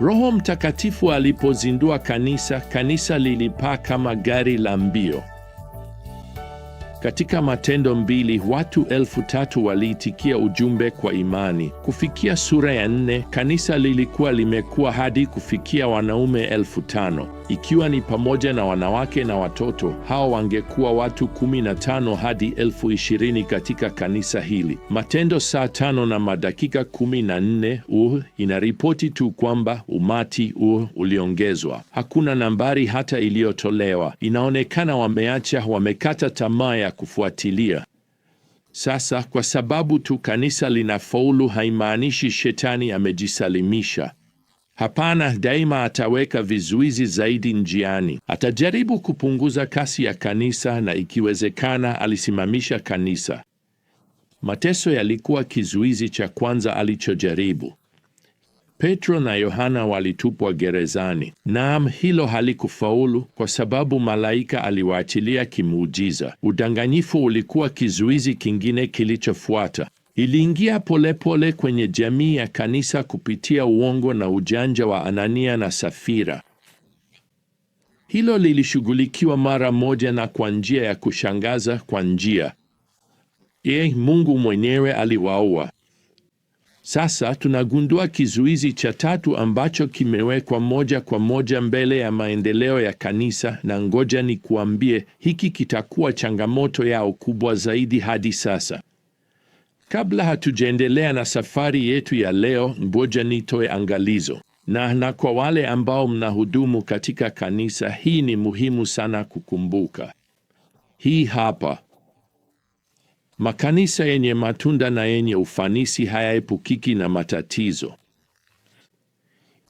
Roho Mtakatifu alipozindua kanisa, kanisa lilipaa kama gari la mbio. Katika Matendo mbili watu elfu tatu waliitikia ujumbe kwa imani. Kufikia sura ya nne, kanisa lilikuwa limekuwa hadi kufikia wanaume elfu tano ikiwa ni pamoja na wanawake na watoto. Hao wangekuwa watu kumi na tano hadi elfu ishirini katika kanisa hili. Matendo saa tano na madakika kumi na nne uh, inaripoti tu kwamba umati uh, uliongezwa. Hakuna nambari hata iliyotolewa. Inaonekana wameacha, wamekata tamaa ya kufuatilia. Sasa kwa sababu tu kanisa linafaulu haimaanishi shetani amejisalimisha. Hapana, daima ataweka vizuizi zaidi njiani. Atajaribu kupunguza kasi ya kanisa na ikiwezekana, alisimamisha kanisa. Mateso yalikuwa kizuizi cha kwanza alichojaribu. Petro na Yohana walitupwa gerezani. Naam, hilo halikufaulu kwa sababu malaika aliwaachilia kimuujiza. Udanganyifu ulikuwa kizuizi kingine kilichofuata. Iliingia polepole kwenye jamii ya kanisa kupitia uongo na ujanja wa Anania na Safira. Hilo lilishughulikiwa mara moja na kwa njia ya kushangaza, kwa njia ye Mungu mwenyewe aliwaoa. Sasa tunagundua kizuizi cha tatu ambacho kimewekwa moja kwa moja mbele ya maendeleo ya kanisa, na ngoja ni kuambie, hiki kitakuwa changamoto yao kubwa zaidi hadi sasa. Kabla hatujaendelea na safari yetu ya leo, ngoja nitoe angalizo na na kwa wale ambao mnahudumu katika kanisa, hii ni muhimu sana kukumbuka. Hii hapa, makanisa yenye matunda na yenye ufanisi hayaepukiki na matatizo.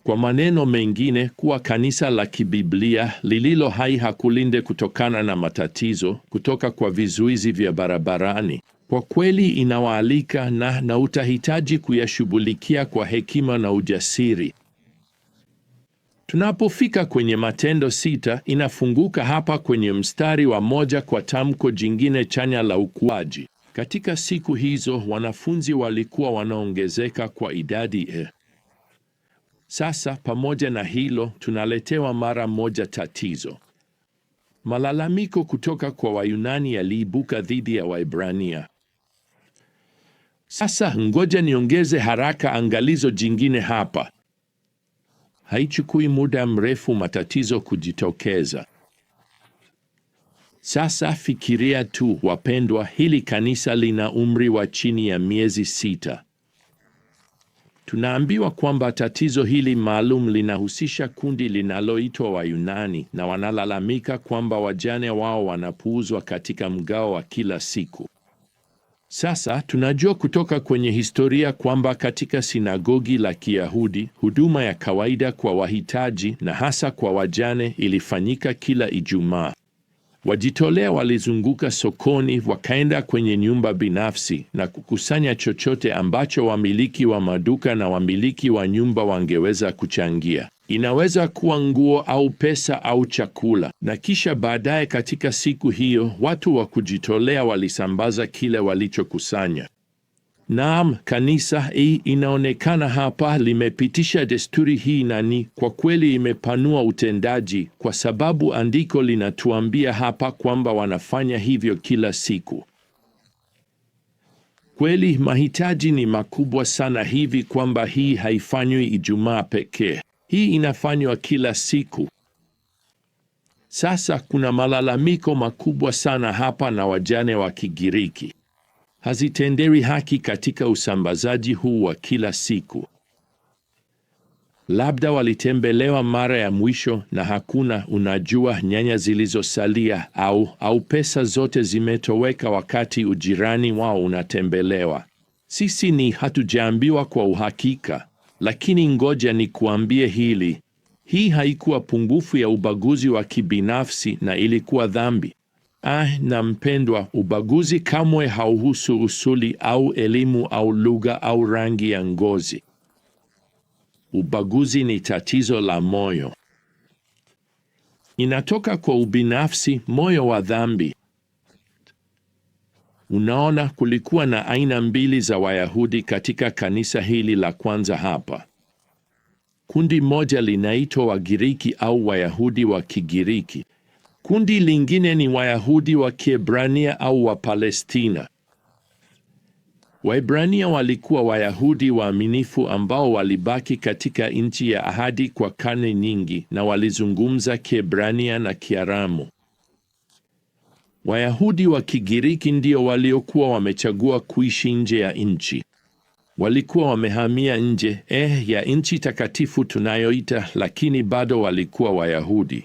Kwa maneno mengine, kuwa kanisa la kibiblia lililo hai hakulinde kutokana na matatizo kutoka kwa vizuizi vya barabarani kwa kweli inawaalika na na utahitaji kuyashughulikia kwa hekima na ujasiri. Tunapofika kwenye Matendo sita, inafunguka hapa kwenye mstari wa moja kwa tamko jingine chanya la ukuaji. Katika siku hizo wanafunzi walikuwa wanaongezeka kwa idadi e. Sasa pamoja na hilo, tunaletewa mara moja tatizo. Malalamiko kutoka kwa Wayunani yaliibuka dhidi ya Waebrania. Sasa ngoja niongeze haraka angalizo jingine hapa. Haichukui muda mrefu matatizo kujitokeza. Sasa fikiria tu, wapendwa, hili kanisa lina umri wa chini ya miezi sita. Tunaambiwa kwamba tatizo hili maalum linahusisha kundi linaloitwa Wayunani na wanalalamika kwamba wajane wao wanapuuzwa katika mgao wa kila siku. Sasa tunajua kutoka kwenye historia kwamba katika sinagogi la Kiyahudi huduma ya kawaida kwa wahitaji na hasa kwa wajane ilifanyika kila Ijumaa. Wajitolea walizunguka sokoni, wakaenda kwenye nyumba binafsi na kukusanya chochote ambacho wamiliki wa maduka na wamiliki wa nyumba wangeweza kuchangia. Inaweza kuwa nguo au pesa au chakula. Na kisha baadaye katika siku hiyo watu wa kujitolea walisambaza kile walichokusanya. Naam, kanisa hii inaonekana hapa limepitisha desturi hii, na ni kwa kweli imepanua utendaji, kwa sababu andiko linatuambia hapa kwamba wanafanya hivyo kila siku. Kweli mahitaji ni makubwa sana hivi kwamba hii haifanywi Ijumaa pekee. Hii inafanywa kila siku. Sasa kuna malalamiko makubwa sana hapa na wajane wa Kigiriki. Hazitendewi haki katika usambazaji huu wa kila siku. Labda walitembelewa mara ya mwisho na hakuna, unajua, nyanya zilizosalia au au pesa zote zimetoweka wakati ujirani wao unatembelewa. Sisi ni hatujaambiwa kwa uhakika. Lakini ngoja nikuambie hili, hii haikuwa pungufu ya ubaguzi wa kibinafsi, na ilikuwa dhambi. Ah, na mpendwa, ubaguzi kamwe hauhusu usuli au elimu au lugha au rangi ya ngozi. Ubaguzi ni tatizo la moyo, inatoka kwa ubinafsi, moyo wa dhambi. Unaona, kulikuwa na aina mbili za Wayahudi katika kanisa hili la kwanza hapa. Kundi moja linaitwa Wagiriki au Wayahudi wa Kigiriki. Kundi lingine ni Wayahudi wa Kiebrania au Wapalestina. Waebrania walikuwa Wayahudi waaminifu ambao walibaki katika nchi ya ahadi kwa karne nyingi na walizungumza Kiebrania na Kiaramu. Wayahudi wa Kigiriki ndio waliokuwa wamechagua kuishi nje ya nchi. Walikuwa wamehamia nje eh, ya nchi takatifu tunayoita, lakini bado walikuwa Wayahudi.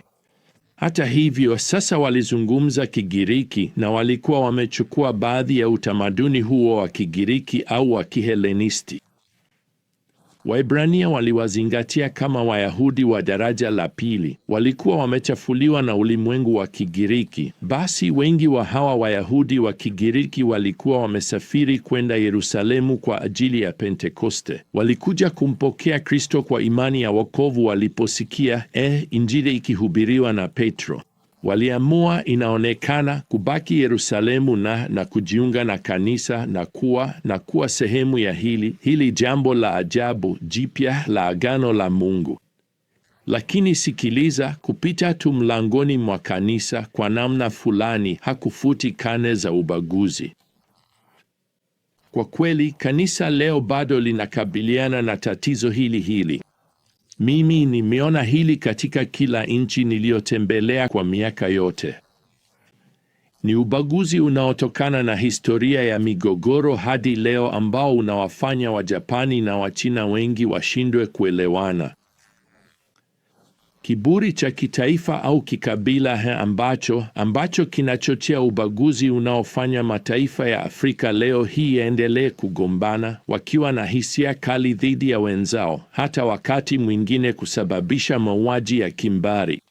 Hata hivyo, sasa walizungumza Kigiriki na walikuwa wamechukua baadhi ya utamaduni huo wa Kigiriki au wa Kihelenisti. Waebrania waliwazingatia kama Wayahudi wa daraja la pili, walikuwa wamechafuliwa na ulimwengu wa Kigiriki. Basi wengi wa hawa Wayahudi wa Kigiriki walikuwa wamesafiri kwenda Yerusalemu kwa ajili ya Pentekoste. Walikuja kumpokea Kristo kwa imani ya wokovu waliposikia eh, Injili ikihubiriwa na Petro waliamua inaonekana kubaki Yerusalemu na na kujiunga na kanisa na kuwa na kuwa sehemu ya hili hili jambo la ajabu jipya la agano la Mungu. Lakini sikiliza, kupita tu mlangoni mwa kanisa kwa namna fulani hakufuti kane za ubaguzi. Kwa kweli, kanisa leo bado linakabiliana na tatizo hili hili. Mimi nimeona hili katika kila nchi niliyotembelea kwa miaka yote. Ni ubaguzi unaotokana na historia ya migogoro hadi leo ambao unawafanya Wajapani na Wachina wengi washindwe kuelewana kiburi cha kitaifa au kikabila ambacho ambacho kinachochea ubaguzi unaofanya mataifa ya Afrika leo hii yaendelee kugombana wakiwa na hisia kali dhidi ya wenzao, hata wakati mwingine kusababisha mauaji ya kimbari.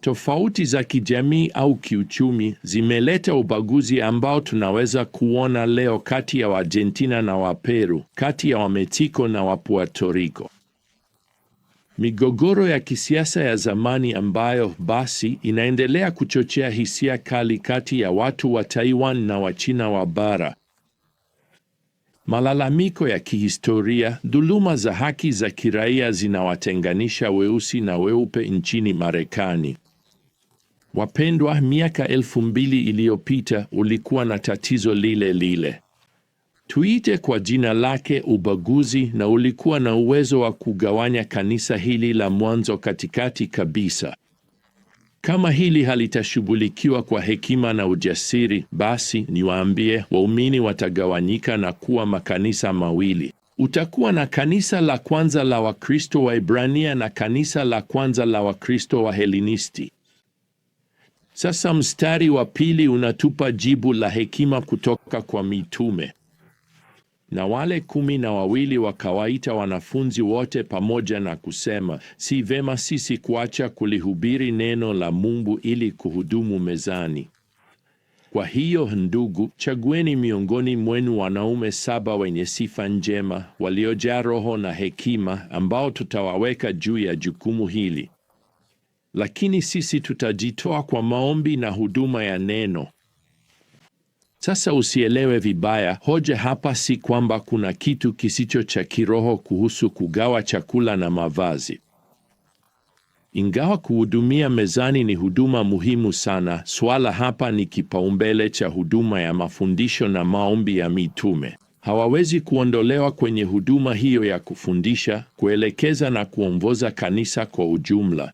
Tofauti za kijamii au kiuchumi zimeleta ubaguzi ambao tunaweza kuona leo kati ya Waargentina na Waperu, kati ya wametiko na wapuatoriko Rico migogoro ya kisiasa ya zamani ambayo basi inaendelea kuchochea hisia kali kati ya watu wa Taiwan na Wachina wa bara, malalamiko ya kihistoria, dhuluma za haki za kiraia zinawatenganisha weusi na weupe nchini Marekani. Wapendwa, miaka elfu mbili iliyopita ulikuwa na tatizo lile lile tuite kwa jina lake ubaguzi, na ulikuwa na uwezo wa kugawanya kanisa hili la mwanzo katikati kabisa. Kama hili halitashughulikiwa kwa hekima na ujasiri, basi niwaambie, waumini watagawanyika na kuwa makanisa mawili. Utakuwa na kanisa la kwanza la Wakristo wa Ibrania na kanisa la kwanza la Wakristo wa Helinisti. Sasa mstari wa pili unatupa jibu la hekima kutoka kwa mitume. Na wale kumi na wawili wakawaita wanafunzi wote pamoja na kusema, si vema sisi kuacha kulihubiri neno la Mungu ili kuhudumu mezani. Kwa hiyo ndugu, chagueni miongoni mwenu wanaume saba wenye sifa njema, waliojaa roho na hekima, ambao tutawaweka juu ya jukumu hili, lakini sisi tutajitoa kwa maombi na huduma ya neno. Sasa usielewe vibaya, hoja hapa si kwamba kuna kitu kisicho cha kiroho kuhusu kugawa chakula na mavazi. Ingawa kuhudumia mezani ni huduma muhimu sana, swala hapa ni kipaumbele cha huduma ya mafundisho na maombi ya mitume. Hawawezi kuondolewa kwenye huduma hiyo ya kufundisha, kuelekeza na kuongoza kanisa kwa ujumla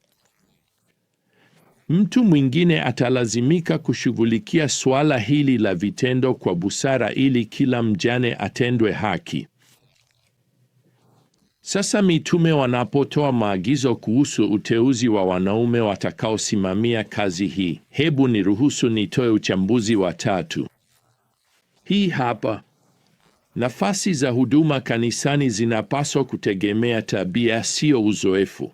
mtu mwingine atalazimika kushughulikia suala hili la vitendo kwa busara ili kila mjane atendwe haki. Sasa mitume wanapotoa maagizo kuhusu uteuzi wa wanaume watakaosimamia kazi hii, hebu niruhusu nitoe uchambuzi wa tatu. Hii hapa: nafasi za huduma kanisani zinapaswa kutegemea tabia, sio uzoefu.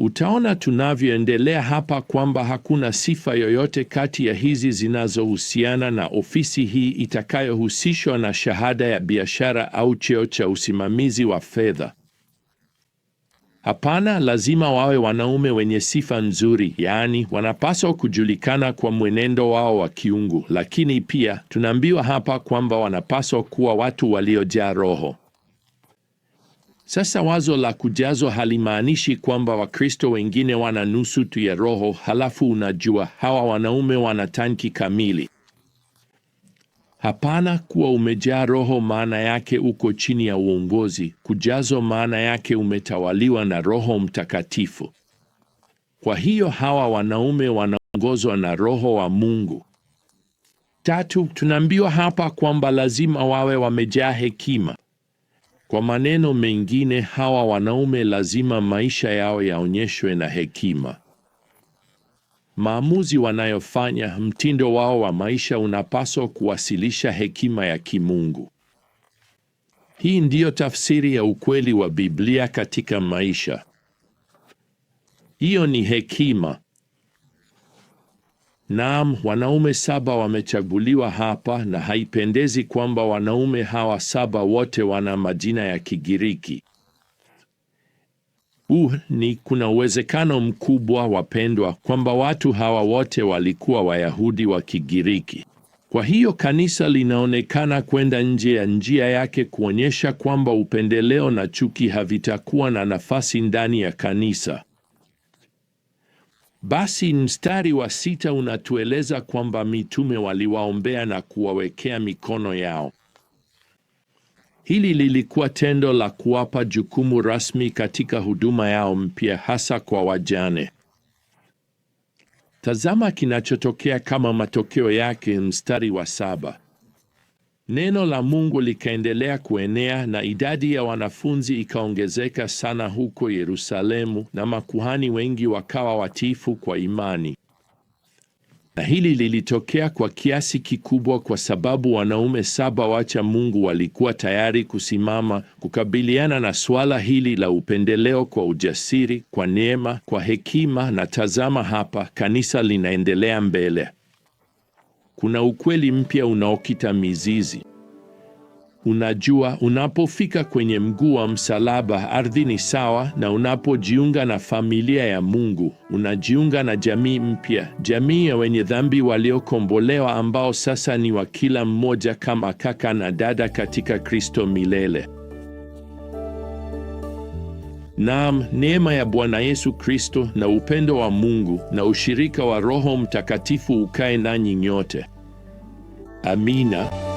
Utaona tunavyoendelea hapa kwamba hakuna sifa yoyote kati ya hizi zinazohusiana na ofisi hii itakayohusishwa na shahada ya biashara au cheo cha usimamizi wa fedha. Hapana, lazima wawe wanaume wenye sifa nzuri, yaani wanapaswa kujulikana kwa mwenendo wao wa kiungu, lakini pia tunaambiwa hapa kwamba wanapaswa kuwa watu waliojaa Roho. Sasa wazo la kujazwa halimaanishi kwamba Wakristo wengine wana nusu tu ya Roho, halafu unajua hawa wanaume wana tanki kamili. Hapana. Kuwa umejaa Roho maana yake uko chini ya uongozi. Kujazwa maana yake umetawaliwa na Roho Mtakatifu. Kwa hiyo hawa wanaume wanaongozwa na Roho wa Mungu. Tatu, tunaambiwa hapa kwamba lazima wawe wamejaa hekima. Kwa maneno mengine, hawa wanaume lazima maisha yao yaonyeshwe na hekima. Maamuzi wanayofanya, mtindo wao wa maisha unapaswa kuwasilisha hekima ya kimungu. Hii ndiyo tafsiri ya ukweli wa Biblia katika maisha. Hiyo ni hekima. Naam, wanaume saba wamechaguliwa hapa, na haipendezi kwamba wanaume hawa saba wote wana majina ya Kigiriki. Uh, ni kuna uwezekano mkubwa wapendwa, kwamba watu hawa wote walikuwa Wayahudi wa Kigiriki. Kwa hiyo kanisa linaonekana kwenda nje ya njia yake kuonyesha kwamba upendeleo na chuki havitakuwa na nafasi ndani ya kanisa. Basi mstari wa sita unatueleza kwamba mitume waliwaombea na kuwawekea mikono yao. Hili lilikuwa tendo la kuwapa jukumu rasmi katika huduma yao mpya, hasa kwa wajane. Tazama kinachotokea kama matokeo yake, mstari wa saba. Neno la Mungu likaendelea kuenea na idadi ya wanafunzi ikaongezeka sana huko Yerusalemu, na makuhani wengi wakawa watifu kwa imani. Na hili lilitokea kwa kiasi kikubwa kwa sababu wanaume saba wacha Mungu walikuwa tayari kusimama kukabiliana na suala hili la upendeleo kwa ujasiri, kwa neema, kwa hekima, na tazama hapa kanisa linaendelea mbele kuna ukweli mpya unaokita mizizi. Unajua, unapofika kwenye mguu wa msalaba ardhi ni sawa, na unapojiunga na familia ya Mungu unajiunga na jamii mpya, jamii ya wenye dhambi waliokombolewa, ambao sasa ni wa kila mmoja kama kaka na dada katika Kristo milele. Naam, neema ya Bwana Yesu Kristo na upendo wa Mungu na ushirika wa Roho Mtakatifu ukae nanyi nyote. Amina.